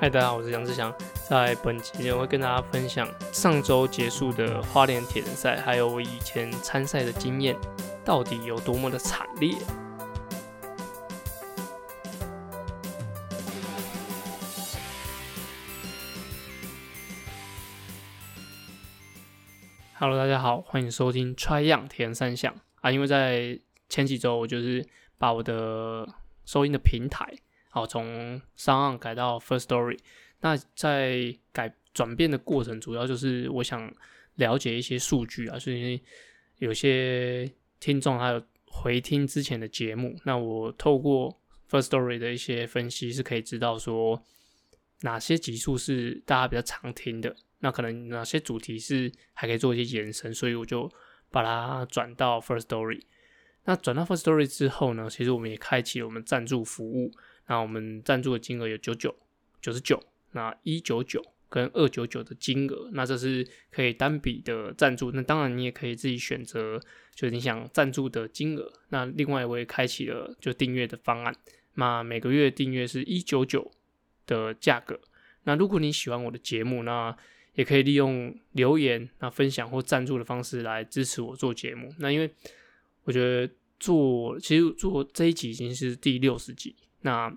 嗨，Hi, 大家好，我是楊志祥，在本期我會跟大家分享上周結束的花蓮鐵人賽，還有我以前參賽的經驗到底有多麼的慘烈。Hello，大家好，歡迎收聽 TriYang 鐵人三項啊，因為在前幾周我就是把我的收音的平台。哦，從商案改到 First Story，那在改轉變的過程，主要就是我想了解一些數據啊，就是有些聽眾還有回聽之前的節目，那我透過 First Story 的一些分析是可以知道說哪些集數是大家比較常聽的，那可能哪些主題是還可以做一些延伸，所以我就把它轉到 First Story。那轉到 First Story 之後呢，其實我們也開啟了我們贊助服務。那我們贊助的金額有九九、九十九、那一九九跟二九九的金額，那這是可以單筆的贊助。那當然，你也可以自己選擇，就是你想贊助的金額。那另外，我也開啟了就訂閱的方案。那每個月訂閱是一九九的價格。那如果你喜歡我的節目，那也可以利用留言、那分享或贊助的方式來支持我做節目。那因為我覺得做，其實做這一集已經是第六十集。那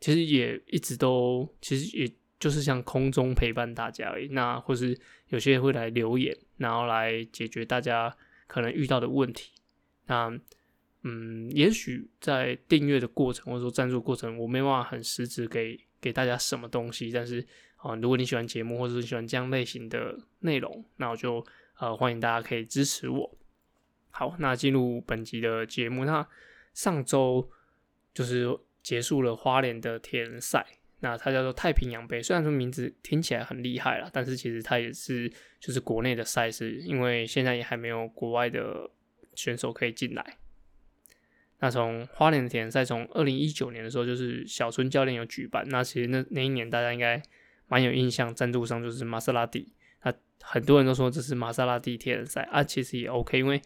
其實也一直都，其實也就是像空中陪伴大家而已。那或是有些人會來留言，然後來解決大家可能遇到的問題。那嗯，也許在訂閱的過程或者說贊助的過程，我沒辦法很實質給給大家什麼東西。但是啊、呃，如果你喜歡節目或者是你喜歡這樣類型的內容，那我就呃歡迎大家可以支持我。好，那進入本集的節目，那上週就是。結束了花蓮的鐵人賽，那它叫做太平洋杯。雖然說名字聽起來很厲害啦，但是其實它也是就是國內的賽事，因為現在也還沒有國外的選手可以進來。那從花蓮的鐵人賽，從二零一九年的時候就是小春教練有舉辦，那其實那那一年大家應該蠻有印象，贊助商就是瑪莎拉蒂。那很多人都說這是瑪莎拉蒂鐵人賽，啊，其實也 OK，因為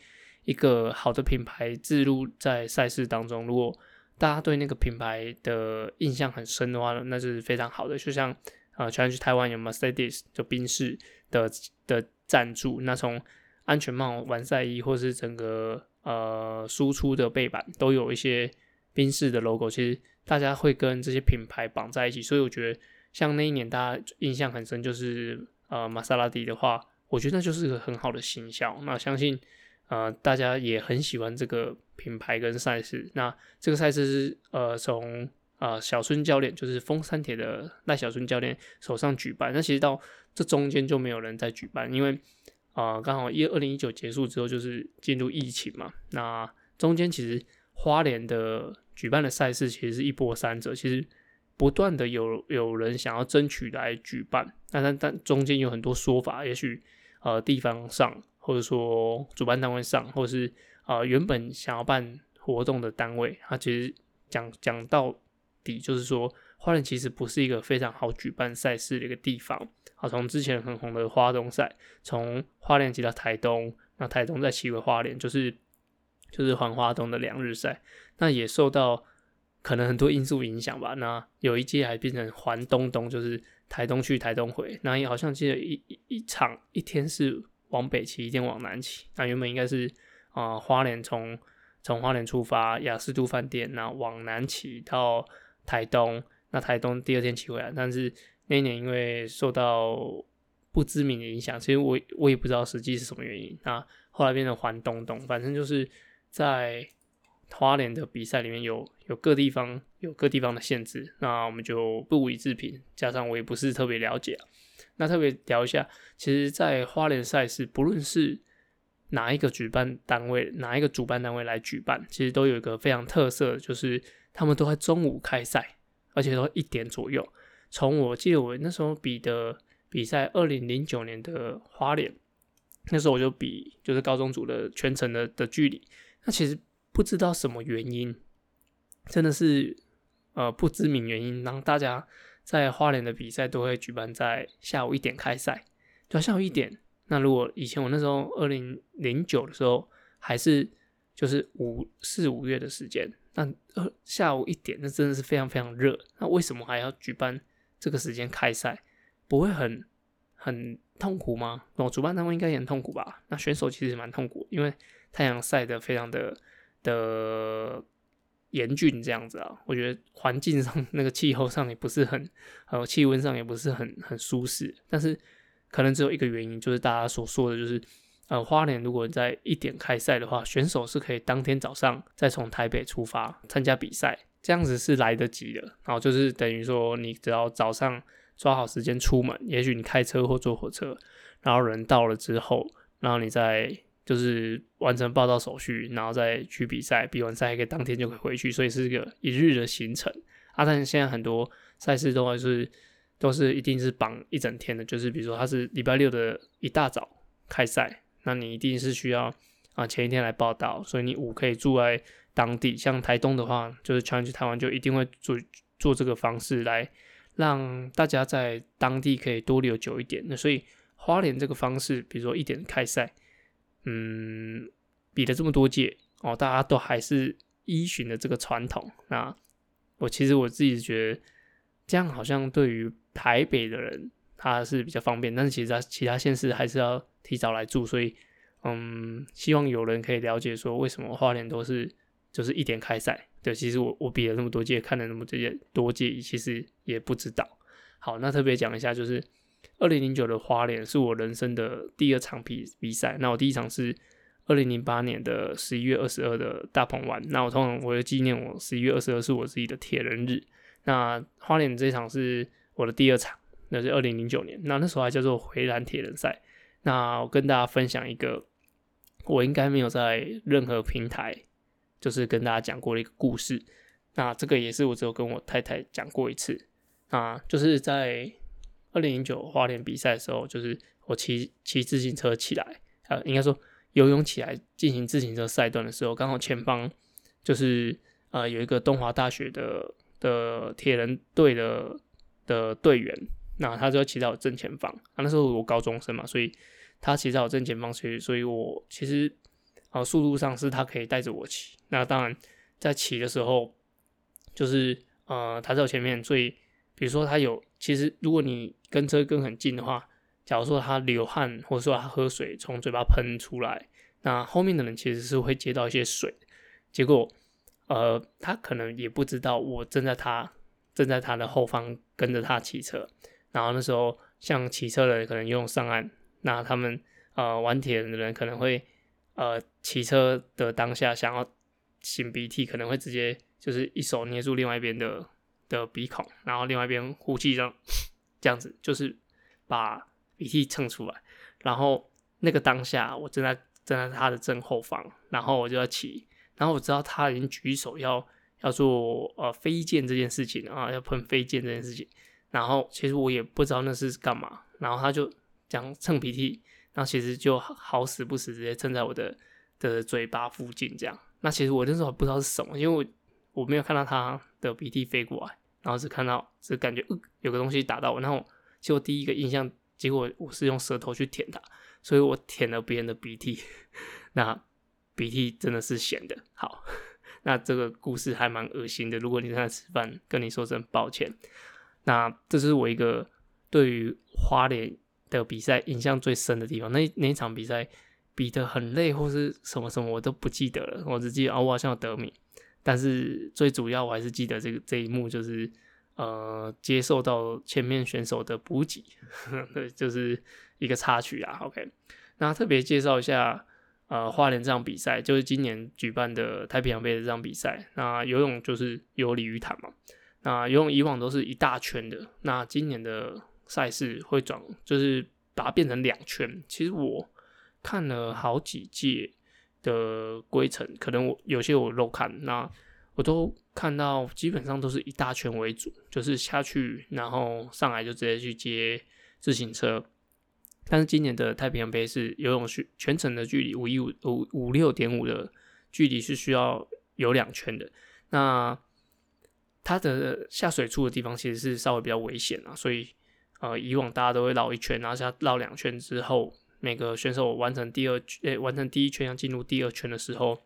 一個好的品牌植入在賽事當中，如果大家對那個品牌的印象很深的話，那是非常好的。就像呃，全去台灣有 Mercedes 就賓士的的贊助，那從安全帽玩賽、完賽衣或是整個呃輸出的背板都有一些賓士的 logo，其實大家會跟這些品牌綁在一起。所以我覺得，像那一年大家印象很深就是呃瑪莎拉蒂的話，我覺得那就是個很好的形象。那我相信。呃，大家也很喜歡這個品牌跟賽事。那這個賽事是呃從啊、呃、小孫教練，就是豐山鐵的賴小孫教練手上舉辦。那其實到這中間就沒有人在舉辦，因為啊剛好一二零一九結束之後就是進入疫情嘛。那中間其實花蓮的舉辦的賽事其實是一波三折，其實不斷的有有人想要爭取來舉辦。那但但中間有很多說法，也許呃地方上。或者說主辦單位上，或者是啊、呃、原本想要辦活動的單位，他、啊、其實講講到底就是說花蓮其實不是一個非常好舉辦賽事的一個地方。好、啊，從之前很紅的花東賽，從花蓮騎到台東，那台東再騎回花蓮，就是就是環花東的兩日賽。那也受到可能很多因素影響吧。那有一屆還變成環東東，就是台東去台東回。那也好像記得一一一場，一天是。往北騎，一定往南騎。那原本應該是，啊、呃，花蓮從從花蓮出發，雅士都飯店，那往南騎到台東，那台東第二天騎回來。但是那一年因為受到不知名的影響，其實我我也不知道實際是什麼原因。那後來變成環東東，反正就是在花蓮的比賽裡面有有各地方有各地方的限制，那我們就不予置評，加上我也不是特別了解、啊。那特別聊一下，其實，在花蓮賽事，不論是哪一個舉辦單位、哪一個主辦單位來舉辦，其實都有一個非常特色，就是他們都在中午開賽，而且都一點左右。從我記得我那時候比的比賽，二零零九年的花蓮，那時候我就比就是高中組的全程的的距離，那其實不知道什麼原因，真的是呃不知名原因，讓大家。在花蓮的比賽都會舉辦在下午一點開賽，對、啊，下午一點。那如果以前我那時候二零零九的時候，還是就是五四五月的時間，那下午一點，那真的是非常非常熱。那為什麼還要舉辦這個時間開賽？不會很很痛苦嗎？那、哦、主辦單位應該也很痛苦吧？那選手其實蠻痛苦，因為太陽曬得非常的的。嚴峻這樣子啊，我覺得環境上，那個氣候上也不是很，呃，氣溫上也不是很很舒適。但是可能只有一個原因，就是大家所說的，就是呃，花蓮如果在一點開賽的話，選手是可以當天早上再從台北出發參加比賽，這樣子是來得及的。然後就是等於說，你只要早上抓好時間出門，也許你開車或坐火車，然後人到了之後，然後你再。就是完成報到手續，然後再去比賽，比完賽還可以當天就可以回去，所以是一個一日的行程。啊，但是現在很多賽事都是都是一定是綁一整天的，就是比如說他是禮拜六的一大早開賽，那你一定是需要啊前一天來報到，所以你五可以住在當地。像台東的話，就是 Challenge Taiwan 就一定會做做這個方式來讓大家在當地可以多留久一點。那所以花蓮這個方式，比如說一點開賽。嗯，比了這麼多屆哦，大家都還是依循的這個傳統。那我其實我自己覺得，這樣好像對於台北的人他是比較方便，但是其實他其他縣市還是要提早來住。所以，嗯，希望有人可以了解說，為什麼花蓮都是就是一點開賽？對，其實我我比了那麼多屆，看了那麼這些多屆，其實也不知道。好，那特別講一下，就是。二零零九的花蓮是我人生的第二場比比賽，那我第一場是二零零八年的十一月二十二的大鵬灣，那我通常我會紀念，我十一月二十二是我自己的鐵人日，那花蓮這一場是我的第二場，那是二零零九年，那那時候還叫做洄瀾鐵人賽，那我跟大家分享一個我應該沒有在任何平台就是跟大家講過的一個故事，那這個也是我只有跟我太太講過一次，啊，就是在。二零零九花蓮比賽的時候，就是我騎騎自行車起來，啊、呃，應該說游泳起來進行自行車賽段的時候，剛好前方就是呃有一個東華大學的的鐵人隊的的隊員，那他就騎在我正前方。啊。那時候我高中生嘛，所以他騎在我正前方去，所以我其實啊、呃、速度上是他可以帶着我騎。那當然在騎的時候，就是呃他在我前面，所以比如說他有其實如果你跟車跟很近的話，假如說他流汗，或者說他喝水從嘴巴噴出來，那後面的人其實是會接到一些水。結果，呃，他可能也不知道我正在他正在他的後方跟着他騎車。然後那時候，像騎車的人可能游泳上岸，那他們呃玩鐵的人可能會呃騎車的當下想要擤鼻涕，可能會直接就是一手捏住另外一邊的的鼻孔，然後另外一邊呼氣這樣。這樣子就是把鼻涕蹭出來，然後那個當下，我正在站在他的正後方，然後我就要起，然後我知道他已經舉手要要做呃飛箭這件事情啊、呃，要噴飛箭這件事情，然後其實我也不知道那是幹嘛，然後他就這樣蹭鼻涕，然後其實就好死不死直接蹭在我的的嘴巴附近這樣，那其實我那時候還不知道是什麼，因為我我沒有看到他的鼻涕飛過來。然後只看到，只感覺呃有個東西打到我，然後就第一個印象，結果我是用舌頭去舔它，所以我舔了別人的鼻涕，那鼻涕真的是鹹的。好，那這個故事還蠻噁心的。如果你在那吃飯，跟你說聲抱歉。那這是我一個對於花蓮的比賽印象最深的地方。那那一場比賽比得很累或是什麼什麼，我都不記得了，我只記得、啊、我好像有得名。但是最主要，我還是記得這個這一幕，就是呃，接受到前面選手的補給呵呵，對，就是一個插曲啊。OK，那特別介紹一下，呃，花蓮這場比賽就是今年舉辦的太平洋杯的這場比賽。那游泳就是游鯉魚潭嘛。那游泳以往都是一大圈的，那今年的賽事會轉，就是把它變成兩圈。其實我看了好幾屆。的規程可能我有些我漏看，那我都看到基本上都是一大圈為主，就是下去然後上來就直接去接自行車。但是今年的太平洋杯是游泳需全程的距離五一五五五六點五的距離是需要游兩圈的，那它的下水處的地方其實是稍微比較危險啊，所以呃以往大家都會繞一圈，然後現繞兩圈之後。每個選手完成第二圈，誒、欸，完成第一圈要進入第二圈的時候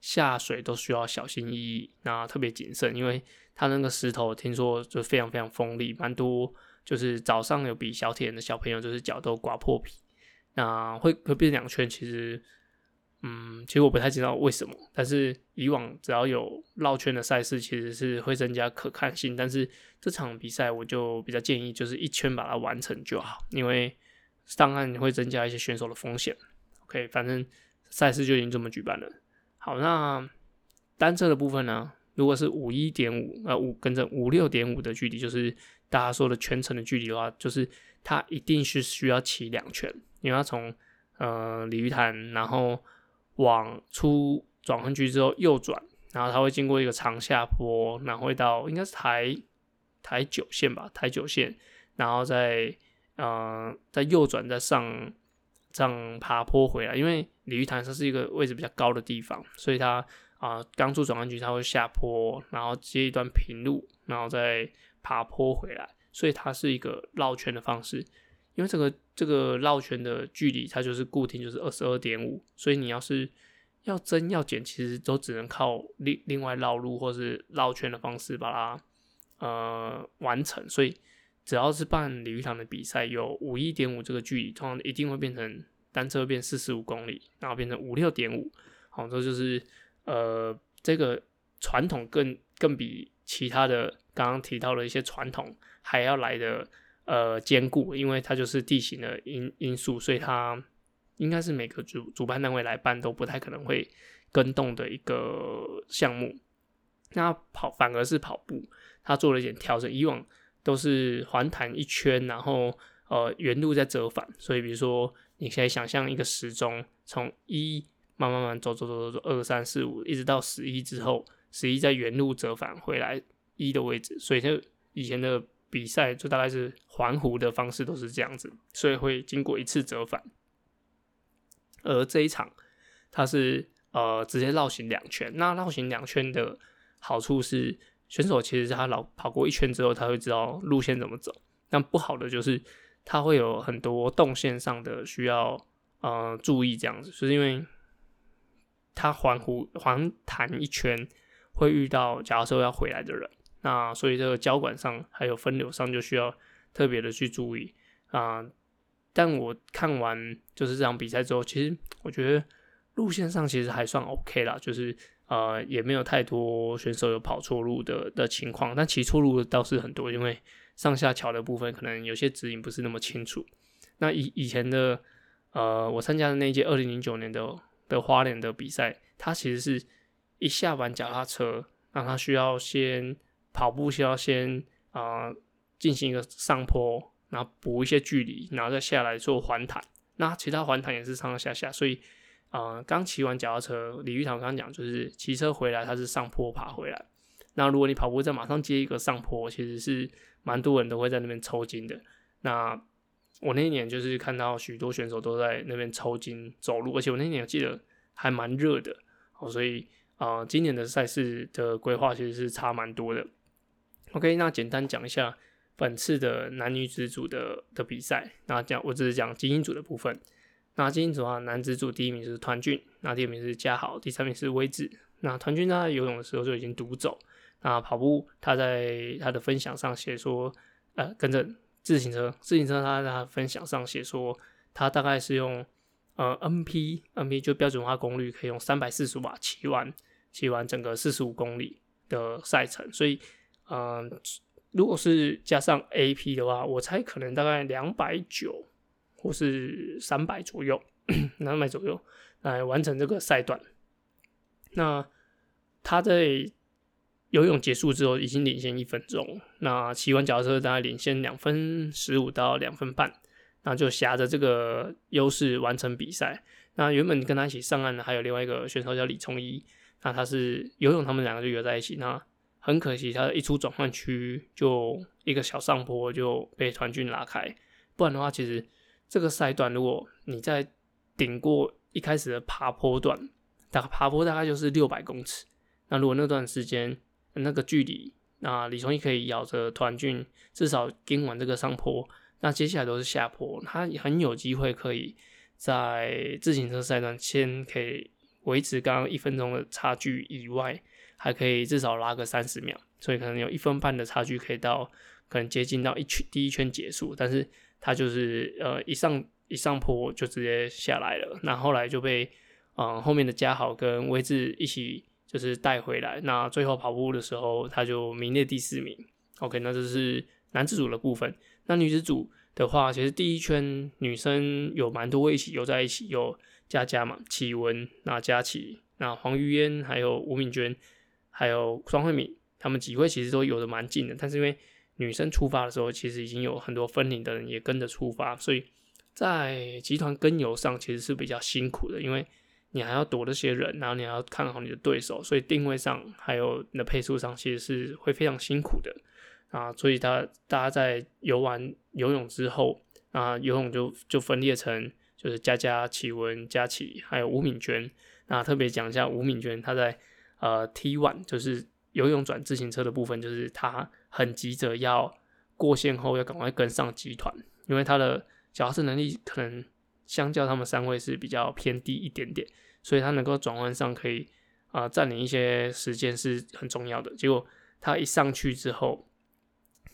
下水都需要小心翼翼，那特別謹慎，因為他那個石頭聽說就非常非常鋒利，蠻多就是早上有比小鐵人的小朋友就是腳都刮破皮，那會會變兩圈。其實，嗯，其實我不太知道為什麼，但是以往只要有繞圈的賽事，其實是會增加可看性。但是這場比賽我就比較建議，就是一圈把它完成就好，因為。上岸會增加一些選手的風險。OK，反正賽事就已經這麼舉辦了。好，那單車的部分呢？如果是五一點五，呃，五跟着五六點五的距離，就是大家說的全程的距離的話，就是它一定是需要騎兩圈，因為它從呃鯉魚潭，然後往出轉換區之後右轉，然後它會經過一個長下坡，然後會到應該是台台九線吧，台九線，然後再。呃，在右轉再上，上爬坡回來，因為鯉魚潭它是一個位置比較高的地方，所以它啊剛出轉換區它會下坡，然後接一段平路，然後再爬坡回來，所以它是一個繞圈的方式。因為這個這個繞圈的距離它就是固定，就是二十二點五，所以你要是要增要減，其實都只能靠另另外繞路或是繞圈的方式把它呃完成，所以。只要是辦鯉魚潭的比賽，有五一點五這個距離，通常一定會變成單車變四十五公里，然後變成五六點五。好，這就，就是呃，這個傳統更更比其他的剛剛提到的一些傳統還要來的呃堅固，因為它就是地形的因因素，所以它應該是每個主主辦單位來辦都不太可能會更動的一個項目。那跑反而是跑步，他做了一點調整，以往。都是環潭一圈，然後呃原路再折返，所以比如說你可以想象一個時鐘從一慢慢慢走走走走走二三四五，2, 3, 4, 5, 一直到十一之後，十一在原路折返回來一的位置，所以就以前的比賽就大概是環湖的方式都是這樣子，所以會經過一次折返。而這一場它是呃直接繞行兩圈，那繞行兩圈的好處是。選手其實他老跑過一圈之後，他會知道路線怎麼走。但不好的就是他會有很多動線上的需要呃注意這樣子，就是因為他環湖環潭一圈會遇到，假設要回來的人，那所以這個交管上還有分流上就需要特別的去注意啊、呃。但我看完就是這場比賽之後，其實我覺得路線上其實還算 OK 啦，就是。呃，也沒有太多選手有跑錯路的的情況，但騎錯路倒是很多，因為上下橋的部分可能有些指引不是那麼清楚。那以以前的呃，我參加的那一屆二零零九年的的花蓮的比賽，它其實是一下完腳踏車，那他需要先跑步，需要先啊呃、進行一個上坡，然後補一些距離，然後再下來做環潭。那其他環潭也是上上下下，所以。啊，剛騎、呃、完腳踏車，李玉堂剛剛講，就是騎車回來，他是上坡爬回來。那如果你跑步再馬上接一個上坡，其實是蠻多人都會在那邊抽筋的。那我那一年就是看到許多選手都在那邊抽筋走路，而且我那一年記得還蠻熱的。哦，所以啊、呃，今年的賽事的規劃其實是差蠻多的。OK，那簡單講一下本次的男女子組的的比賽。那講，我只是講精英組的部分。那今天主要男子組第一名是團俊，那第二名是嘉豪，第三名是威志。那團俊他在游泳的時候就已經獨走。那跑步，他在他的分享上寫說，呃，跟着自行車，自行車他在他的分享上寫說，他大概是用呃 M P M P 就標準化功率，可以用三百四十瓦騎完騎完整個四十五公里的賽程。所以，嗯、呃，如果是加上 A P 的話，我猜可能大概兩百九。或是三百左右，兩百 左右，來完成這個賽段。那他在游泳結束之後已經領先一分鐘，那騎完腳踏車大概領先兩分十五到兩分半，那就挾着這個優勢完成比賽。那原本跟他一起上岸的還有另外一個選手叫李崇一，那他是游泳，他們兩個就游在一起。那很可惜，他一出轉換區就一個小上坡就被團軍拉開，不然的話其實。這個賽段，如果你在頂過一開始的爬坡段，打爬坡大概就是六百公尺。那如果那段時間那個距離，那李松義可以咬着團俊，至少跟完這個上坡，那接下來都是下坡，他很有機會可以在自行車賽段先可以維持剛剛一分鐘的差距以外，還可以至少拉個三十秒，所以可能有一分半的差距可以到，可能接近到一圈第一圈結束，但是。他就是呃一上一上坡就直接下來了，那後來就被嗯、呃、後面的家豪跟威志一起就是帶回來，那最後跑步的時候他就名列第四名。OK，那這是男子組的部分。那女子組的話，其實第一圈女生有蠻多一起游在一起，有佳佳嘛、啟文、那佳琪、那黃玉嫣、還有吳敏娟、還有雙慧敏，她們幾位其實都游的蠻近的，但是因為。女生出發的時候，其實已經有很多分齡的人也跟着出發，所以在集團跟游上其實是比較辛苦的，因為你還要躲那些人，然後你還要看好你的對手，所以定位上還有你的配速上其實是會非常辛苦的啊。所以他，他大家在游完游泳之後啊，游泳就就分裂成就是佳佳、奇文、佳琪還有吳敏娟。那特別講一下吳敏娟，她在呃 T one 就是游泳轉自行車的部分，就是她。很急着要過線，後要趕快跟上集團，因為他的腳踏車能力可能相較他們三位是比較偏低一點點，所以他能夠轉換上可以啊佔、呃、佔領一些時間是很重要的。結果他一上去之後，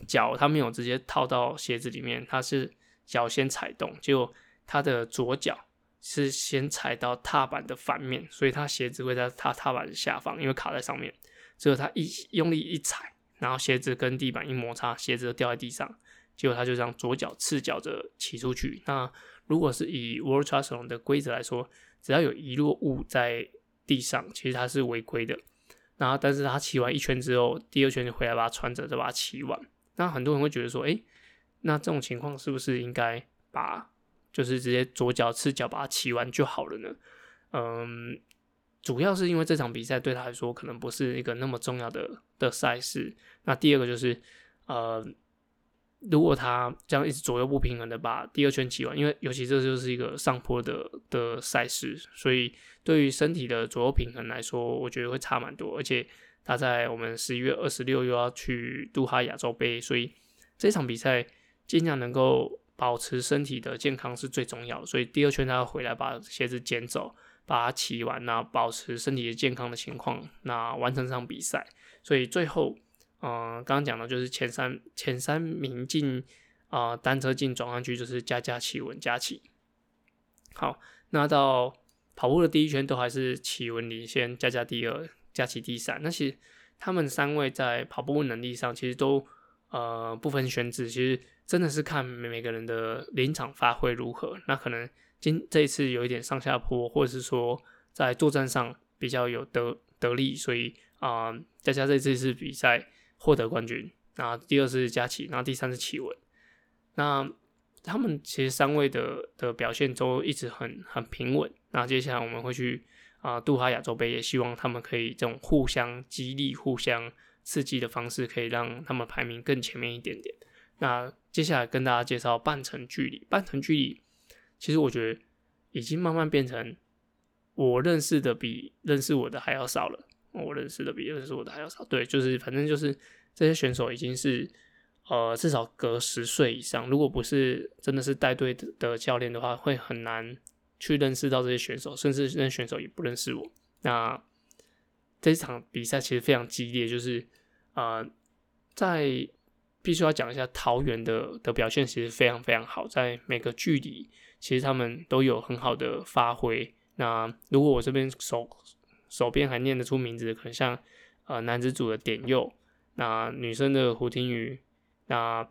腳他沒有直接套到鞋子裡面，他是腳先踩動，結果他的左腳是先踩到踏板的反面，所以他鞋子會在他踏板的下方，因為卡在上面，只有他一用力一踩。然後鞋子跟地板一摩擦，鞋子掉在地上，結果他就這樣左腳赤腳着騎出去。那如果是以 World Trustron、um、的規則來說，只要有遺落物在地上，其實他是違規的。然後，但是他騎完一圈之後，第二圈就回來把它穿着，再把它騎完。那很多人會覺得說，哎，那這種情況是不是應該把就是直接左腳赤腳把它騎完就好了呢？嗯。主要是因為這場比賽對他來說可能不是一個那麼重要的的賽事。那第二個就是，呃，如果他這樣一直左右不平衡的把第二圈騎完，因為尤其這就是一個上坡的的賽事，所以對於身體的左右平衡來說，我覺得會差蠻多。而且他在我們十一月二十六又要去杜哈亞洲杯，所以這場比賽盡量能夠保持身體的健康是最重要的。所以第二圈他要回來把鞋子撿走，把它騎完，那保持身體的健康的情況，那完成這場比賽。所以最後，嗯、呃，剛剛講的就是前三前三名進啊、呃，單車進轉換區就是佳佳、奇文、佳奇。好，那到跑步的第一圈都還是奇文領先，佳佳第二，佳奇第三。那其實他們三位在跑步能力上其實都呃不分軒輊，其實真的是看每個人的臨場發揮如何。那可能。今這一次有一點上下坡，或者是說在作戰上比較有得得力，所以啊，大家在這次比賽獲得冠軍。那第二是加奇，那第三是企穩。那他們其實三位的的表現都一直很很平穩。那接下來我們會去啊，杜哈亞洲盃，也希望他們可以這種互相激勵、互相刺激的方式，可以讓他們排名更前面一點點。那接下來跟大家介紹半程距離，半程距離。其實我覺得已經慢慢變成我認識的比認識我的還要少了。我認識的比認識我的還要少。對，就是反正就是這些選手已經是呃至少隔十歲以上。如果不是真的是帶隊的教練的話，會很難去認識到這些選手，甚至那些選手也不認識我。那這場比賽其實非常激烈，就是啊，呃，在。必須要講一下桃園的的表現，其實非常非常好，在每個距離，其實他們都有很好的發揮。那如果我這邊手手邊還念得出名字，可能像呃男子組的典佑，那女生的胡廷宇，那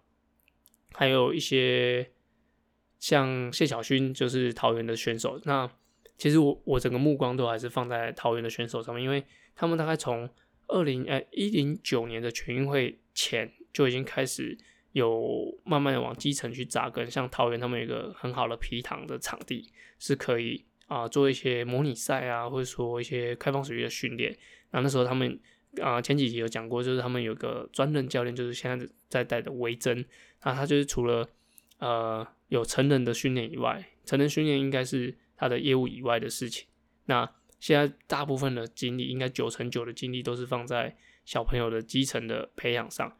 還有一些像謝小勳，就是桃園的選手。那其實我我整個目光都還是放在桃園的選手上面，因為他們大概從二零呃一零九年的全運會前。就已經開始有慢慢的往基層去紮根，像桃園他們有一個很好的皮塘的場地，是可以啊、呃、做一些模擬賽啊，或者說一些開放水域的訓練。那那時候他們啊、呃、前幾集有講過，就是他們有個專任教練，就是現在在帶的維珍。那他就是除了呃有成人的訓練以外，成人訓練應該是他的業務以外的事情。那現在大部分的精力，應該九成九的精力都是放在小朋友的基層的培養上。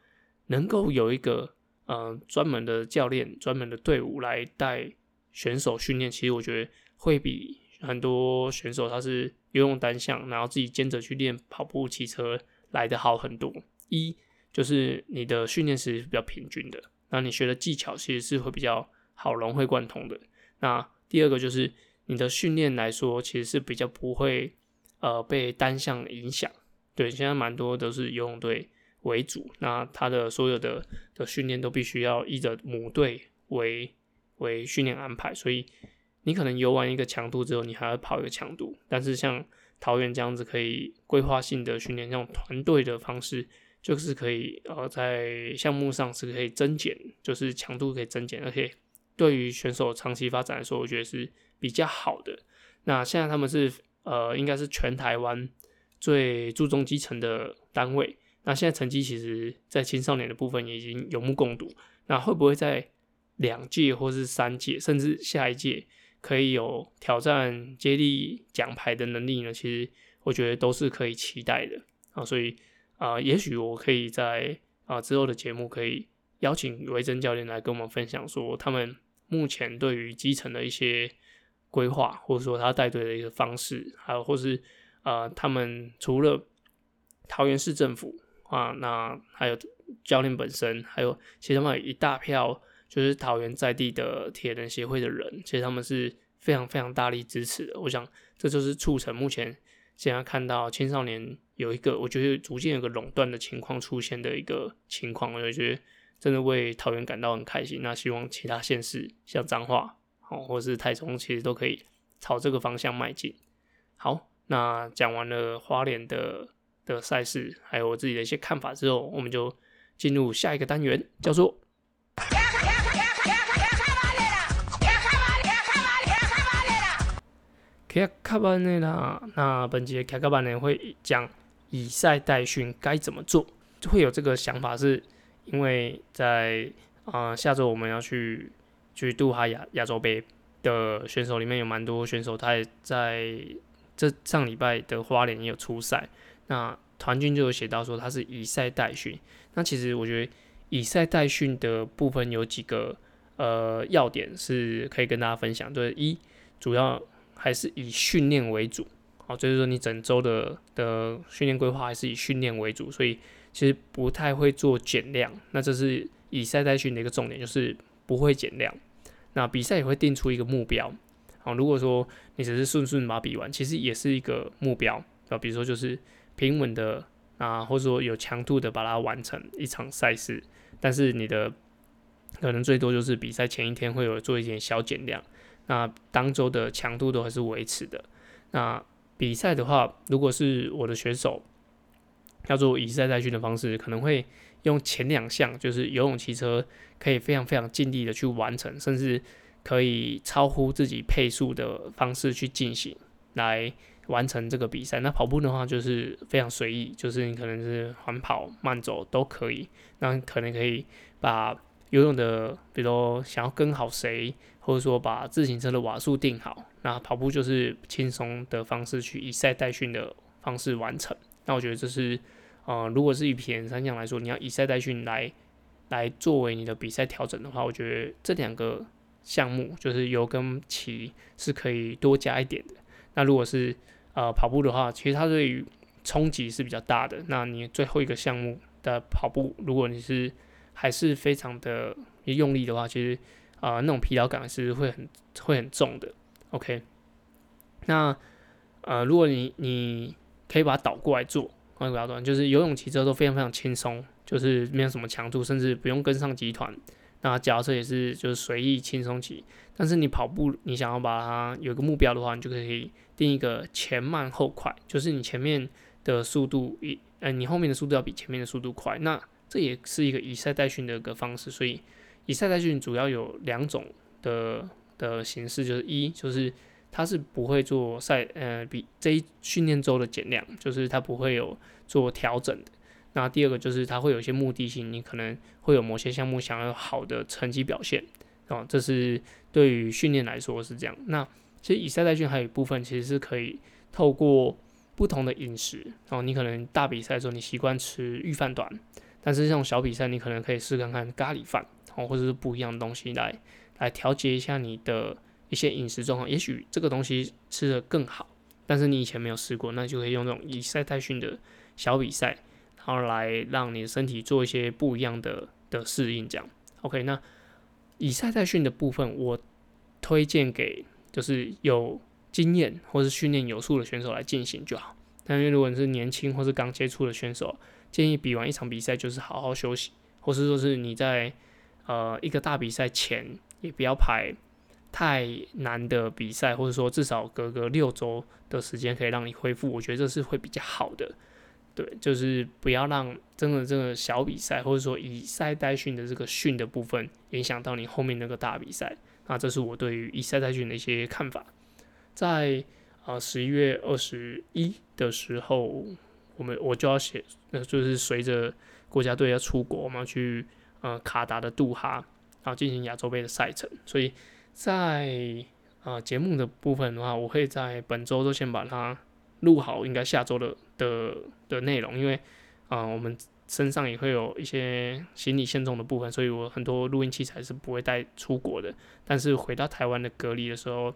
能夠有一個呃專門的教練、專門的隊伍來帶選手訓練，其實我覺得會比很多選手他是游泳單項，然後自己兼着去練跑步、騎車來得好很多。一就是你的訓練其實是比較平均的，那你學的技巧其實是會比較好融會貫通的。那第二個就是你的訓練來說，其實是比較不會呃被單項影響。對，現在蠻多都是游泳隊。為主，那他的所有的的訓練都必須要依着母隊為為訓練安排，所以你可能游完一個強度之後，你還要跑一個強度。但是像桃園這樣子可以規劃性的訓練，這種團隊的方式，就是可以呃在項目上是可以增減，就是強度可以增減。而且對於選手長期發展來說，我覺得是比較好的。那現在他們是呃應該是全台灣最注重基層的單位。那現在成績其實，在青少年的部分已經有目共睹。那會不會在兩屆或是三屆，甚至下一屆，可以有挑戰接力獎牌的能力呢？其實我覺得都是可以期待的啊。所以啊、呃，也許我可以在啊、呃、之後的節目可以邀請韋征教練來跟我們分享，說他們目前對於基層的一些規劃，或者說他帶隊的一個方式，還有或是啊、呃、他們除了桃園市政府。啊，那還有教練本身，還有其實他們有一大票，就是桃園在地的鐵人協會的人，其實他們是非常非常大力支持的。我想這就是促成目前現在看到青少年有一個，我覺得逐漸有個壟斷的情況出現的一個情況。我覺得真的為桃園感到很開心。那希望其他縣市像彰化好、哦，或是台中，其實都可以朝這個方向邁進。好，那講完了花蓮的。的賽事，還有我自己的一些看法之後，我們就進入下一個單元，叫做“卡卡卡卡卡卡巴內拉卡卡巴卡卡巴內拉卡卡巴內拉”。那本集的卡卡巴內會講以賽代訓該怎麼做？會有這個想法，是因為在啊、呃、下周我們要去去杜哈亞亞洲杯的選手裡面有蠻多選手，他在這上禮拜的花蓮也有出賽。那團軍就有寫到說它是以賽代訓，那其實我覺得以賽代訓的部分有幾個呃要點是可以跟大家分享，就是一主要還是以訓練為主，啊就是說你整周的的訓練規劃還是以訓練為主，所以其實不太會做減量，那這是以賽代訓的一個重點，就是不會減量，那比賽也會定出一個目標，啊如果說你只是順順把它比完，其實也是一個目標，啊比如說就是。平穩的啊，或者說有強度的，把它完成一場賽事。但是你的可能最多就是比賽前一天會有做一點小減量，那當周的強度都還是維持的。那比賽的話，如果是我的選手，要做以賽代訓的方式，可能會用前兩項，就是游泳、騎車，可以非常非常盡力的去完成，甚至可以超乎自己配速的方式去進行。來。完成這個比賽，那跑步的話就是非常隨意，就是你可能是緩跑、慢走都可以。那可能可以把游泳的，比如說想要跟好誰，或者說把自行車的瓦數定好。那跑步就是輕鬆的方式，去以賽代訓的方式完成。那我覺得這是，呃，如果是以鐵人三項來說，你要以賽代訓來來作為你的比賽調整的話，我覺得這兩個項目就是游跟騎是可以多加一點的。那如果是呃，跑步的話，其實它對於衝擊是比較大的。那你最後一個項目的跑步，如果你是還是非常的用力的話，其實啊、呃，那種疲勞感是會很會很重的。OK，那呃，如果你你可以把它倒過來做，我不要說，就是游泳、騎車都非常非常輕鬆，就是沒有什麼強度，甚至不用跟上集團。那腳踏車也是就是隨意輕鬆騎，但是你跑步，你想要把它有個目標的話，你就可以定一個前慢後快，就是你前面的速度一，呃，你後面的速度要比前面的速度快。那這也是一個以賽代訓的一個方式，所以以賽代訓主要有兩種的的形式，就是一就是它是不會做賽，呃，比這一訓練週的減量，就是它不會有做調整的。那第二個就是它會有一些目的性，你可能會有某些項目想要好的成績表現，哦，這是對於訓練來說是這樣。那其實以賽代訓還有一部分其實是可以透過不同的飲食，然後你可能大比賽的時候你習慣吃御飯糰，但是這種小比賽你可能可以試看看咖喱飯，哦，或者是不一樣的東西來來調節一下你的一些飲食狀況。也許這個東西吃得更好，但是你以前沒有試過，那就可以用這種以賽代訓的小比賽。然後來讓你的身體做一些不一樣的的適應，這樣 OK。那以賽代訓的部分，我推薦給就是有經驗或是訓練有素的選手來進行就好。但是如果你是年輕或是剛接觸的選手，建議比完一場比賽，就是好好休息，或是說是你在呃一個大比賽前也不要排太難的比賽，或者說至少隔個六周的時間可以讓你恢復，我覺得這是會比較好的。對，就是不要讓真的這個小比賽，或者說以賽代訓的這個訓的部分，影響到你後面那個大比賽。那這是我對於以賽代訓的一些看法。在啊十一月二十一的時候，我們我就要寫，就是隨着國家隊要出國嘛，我們要去呃卡達的杜哈，然後進行亞洲杯的賽程。所以在啊，呃，節目的部分的話，我會在本周都先把它錄好，應該下周的。的的內容，因為啊、呃，我們身上也會有一些行李限重的部分，所以我很多錄音器材是不會帶出國的。但是回到台灣的隔離的時候，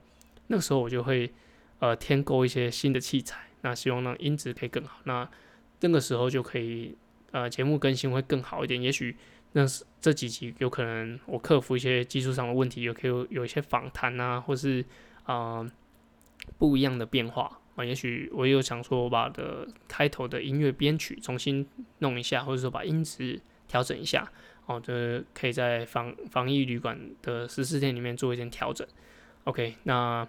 那個時候我就會呃添購一些新的器材，那希望讓音質可以更好。那那個時候就可以呃節目更新會更好一點，也許那是這幾集有可能我克服一些技術上的問題，可以有有有一些訪談啊，或是啊、呃、不一樣的變化。也許我有想說，我把的開頭的音樂編曲重新弄一下，或者說把音質調整一下，哦，這、就是、可以在防防疫旅館的十四天裡面做一點調整。OK，那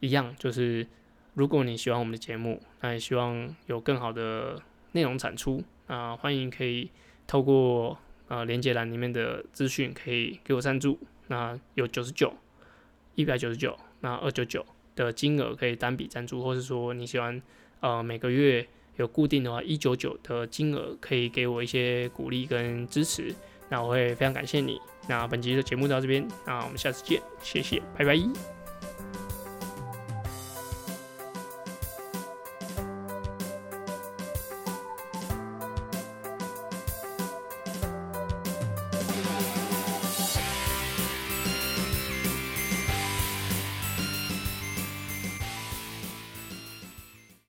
一樣就是，如果你喜歡我們的節目，那也希望有更好的內容產出啊，那歡迎可以透過啊、呃、連接欄裡面的資訊可以給我贊助，那有九十九、一百九十九、那二九九。的金額可以單筆贊助，或者說你喜歡，呃，每個月有固定的話，一九九的金額可以給我一些鼓勵跟支持，那我會非常感謝你。那本集的節目到這邊，那我們下次見，謝謝，拜拜。